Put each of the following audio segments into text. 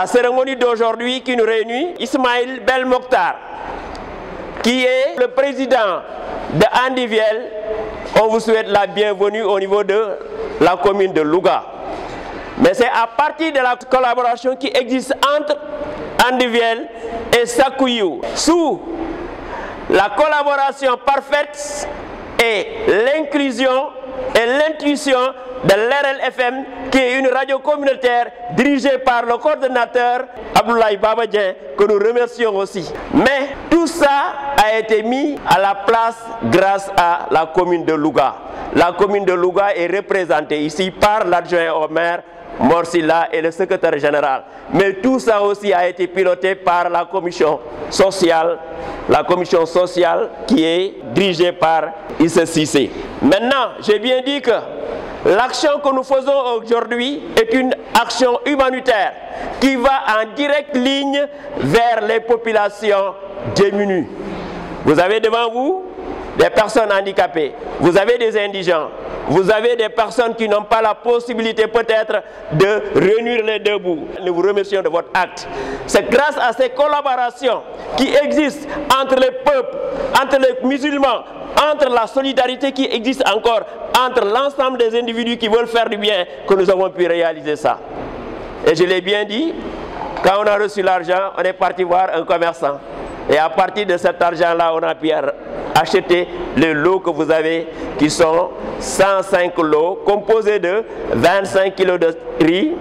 La cérémonie d'aujourd'hui qui nous réunit, Ismaël Belmokhtar, qui est le président de Andiviel, on vous souhaite la bienvenue au niveau de la commune de Louga. Mais c'est à partir de la collaboration qui existe entre Andiviel et Sakuyu, sous la collaboration parfaite et l'inclusion et l'intuition de l'RLFM, qui est une radio communautaire dirigée par le coordonnateur Abdoulaye Babadien, que nous remercions aussi. Mais tout ça a été mis à la place grâce à la commune de Louga. La commune de Louga est représentée ici par l'adjoint au maire Morsilla et le secrétaire général. Mais tout ça aussi a été piloté par la commission sociale, la commission sociale qui est dirigée par Issa Maintenant, j'ai bien dit que l'action que nous faisons aujourd'hui est une action humanitaire qui va en directe ligne vers les populations démunies. Vous avez devant vous des personnes handicapées, vous avez des indigents, vous avez des personnes qui n'ont pas la possibilité peut-être de réunir les deux bouts. Nous vous remercions de votre acte. C'est grâce à ces collaborations qui existent entre les peuples, entre les musulmans, entre la solidarité qui existe encore, entre l'ensemble des individus qui veulent faire du bien, que nous avons pu réaliser ça. Et je l'ai bien dit, quand on a reçu l'argent, on est parti voir un commerçant. Et à partir de cet argent-là, on a pu achetez les lots que vous avez qui sont 105 lots composés de 25 kg de riz,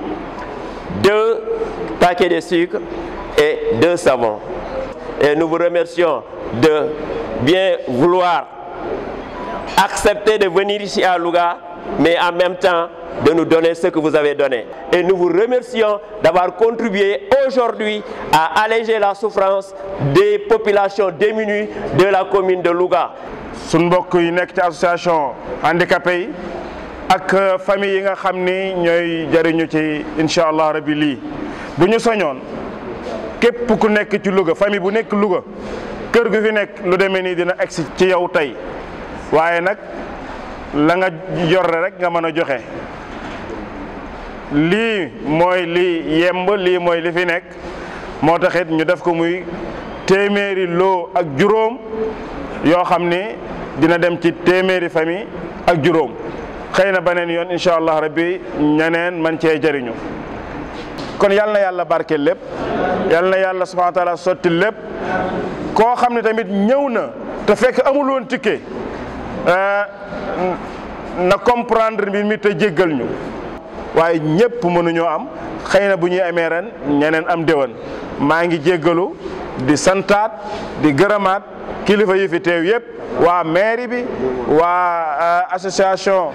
2 paquets de sucre et 2 savons. Et nous vous remercions de bien vouloir accepter de venir ici à Louga, mais en même temps de nous donner ce que vous avez donné. Et nous vous remercions d'avoir contribué aujourd'hui à alléger la souffrance des populations démunies de la commune de Louga. Nous mbokk yi association handicapé yi ak euh, famille yi nga xam ni ñooy jëriñu ci incha allah rabi lii bu ñu soñoon ku nekk ci Louga famille bu nekk Louga kër gu fi nekk lu demee dina egsi ci yow tey nga yor lii mooy li yemb lii mooy li fi nekk moo taxit ñu def ko muy téeméeri loo ak juróom yoo xam ni dina dem ci téeméeri famille ak juróom xëy na beneen yoon incha allah rabbi ñeneen man cee jariñu kon yal na yàlla barke lépp yal na yàlla subhaana taala sotti lépp koo xam ne tamit ñëw na te fekk amul woon ticket euh, na comprendre mbir mi te jéggal ñu waaye ñëpp mënuñoo am xëy na bu ñuy amee ren ñeneen am déwén maa ngi jéggalu di santaat di gërëmaat kilifa yi fi teew yëpp waa mairie bi waa euh, association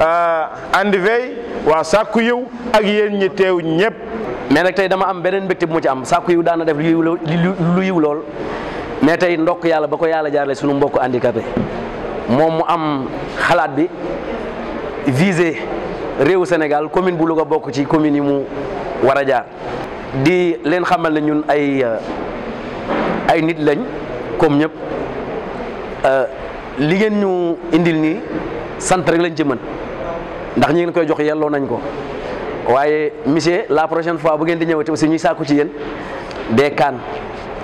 euh, Andi Veille waa Sakku Yiw ak yéen ñi teew ñëpp. me nag tey dama am beneen mbégte bu ci am Sakku Yiw daan def lu yiw lool mais tey ndokk yàlla ba ko yàlla jaarale sunu mbokku handicapé moom mu am xalaat bi visé. réewu Sénégal commune bu Louga bokk ci commune yi mu war a jaar di leen xamal ne ñun ay euh, ay nit lañ comme ñëpp euh, li ngeen ñu indil nii sant lañ ci mën ndax ñi ngeen koy jox yelloo nañ ko waaye monsieur la prochaine fois bu ngeen di ñëwati aussi ñuy sàkku ci yéen des cannes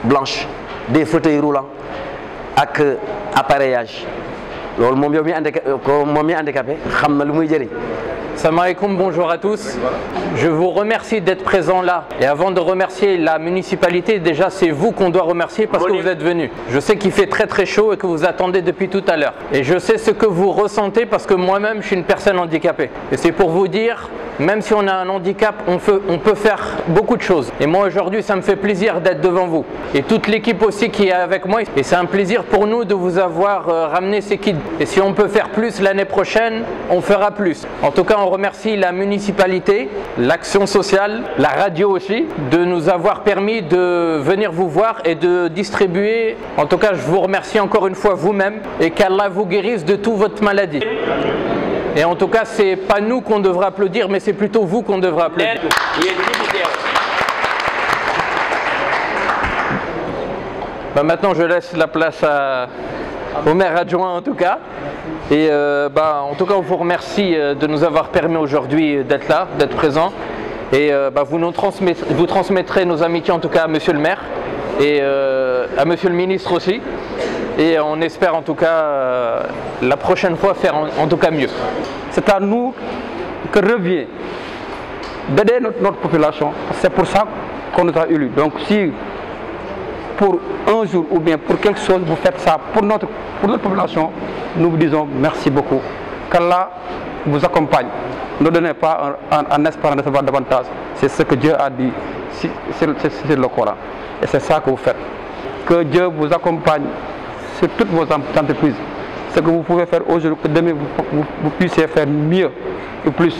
blanches des fauteuils roulants ak euh, appareillage loolu moom yow mi handicapé moom xam na lu muy jëriñ Salam alaikum, bonjour à tous. Je vous remercie d'être présent là. Et avant de remercier la municipalité, déjà c'est vous qu'on doit remercier parce que vous êtes venus. Je sais qu'il fait très très chaud et que vous attendez depuis tout à l'heure. Et je sais ce que vous ressentez parce que moi-même je suis une personne handicapée. Et c'est pour vous dire même si on a un handicap, on peut, faire beaucoup de choses. Et moi aujourd'hui, ça me fait plaisir d'être devant vous. Et toute l'équipe aussi qui est avec moi. Et c'est un plaisir pour nous de vous avoir euh, ramené ces kits. Et si on peut faire plus l'année prochaine, on fera plus. En tout cas, on remercie la municipalité, l'action sociale, la radio aussi, de nous avoir permis de venir vous voir et de distribuer. En tout cas, je vous remercie encore une fois vous-même et qu'Allah vous guérisse de toute votre maladie. Et en tout cas, c'est pas nous qu'on devra applaudir, mais c'est plutôt vous qu'on devra applaudir. Bah, maintenant, je laisse la place au maire adjoint en tout cas. Et euh, bah, en tout cas, on vous remercie euh, de nous avoir permis aujourd'hui d'être là, d'être présent. Et euh, bah, vous, nous transmettrez, vous transmettrez nos amitiés en tout cas à monsieur le maire et à monsieur le ministre aussi et on espère en tout cas euh, la prochaine fois faire en, tout cas mieux. C'est à nous que revient d'aider notre, population. C'est pour ça qu'on nous a élus. Donc si pour un jour ou bien pour quelque chose vous faites ça pour notre, population, nous vous disons merci beaucoup. Qu'Allah vous accompagne. Ne donnez pas en, espérant recevoir davantage. C'est ce que Dieu a dit. C'est le Coran. Et c'est ça que vous faites. Que Dieu vous accompagne toutes vos entreprises. Ce que vous pouvez faire aujourd'hui, que demain vous, puissiez faire mieux et plus.